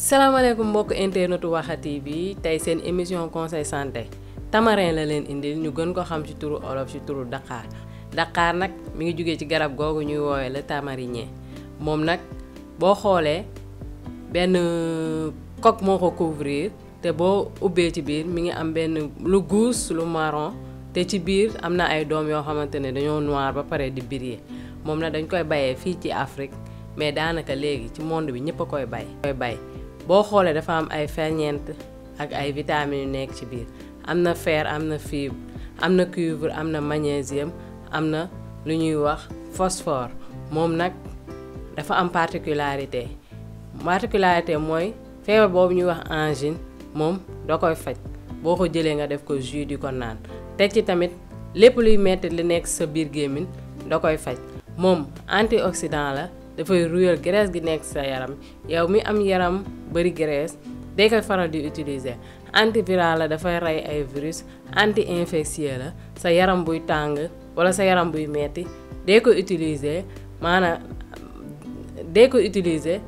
salaamaaleykum mbokk internetu Warkha TV tey seen émission conseil santé tamarin la leen indil ñu gën ko xam ci turu olof ci turu daqaar daqaar nag mi ngi jógee ci garab googu ñuy woowee la tamarinier moom nag boo xoolee benn kok moo ko couvrir te boo ubbee ci biir mi ngi am benn lu guus lu maron te ci biir am na ay doom yoo xamante ne dañoo noir ba paree di biree moom nag dañ koy bayee fii ci Afrique mais daanaka léegi ci monde bi ñëpp a koy bay bay boo xoolee dafa am ay ferñeent ak ay vitamines yu nekk ci biir am na fer am na fibre am na cuivre am na magnésium am na lu ñuy wax phosphore moom nag dafa am particularité particularité mooy feebar boobu ñuy wax engine moom da koy faj boo ko jëlee nga def ko jus di ko naan te ci tamit lépp luy metti li nekk sa biir gémmin da koy faj moom antioxydant la dafay ruyal graisse gi nekk sa yaram yow mi am yaram bari graisse day koy faral di utiliser antiviral la dafay rey ay virus anti infectieux la sa yaram buy tàng wala sa yaram buy metti de ko utiliser maanaam day ko utiliser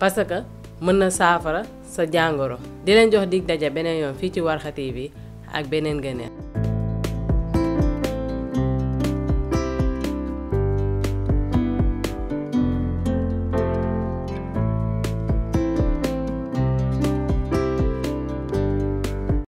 parce que mën na saafara sa jàngoro di leen jox dig daja beneen yoon fii ci Warkha TV ak beneen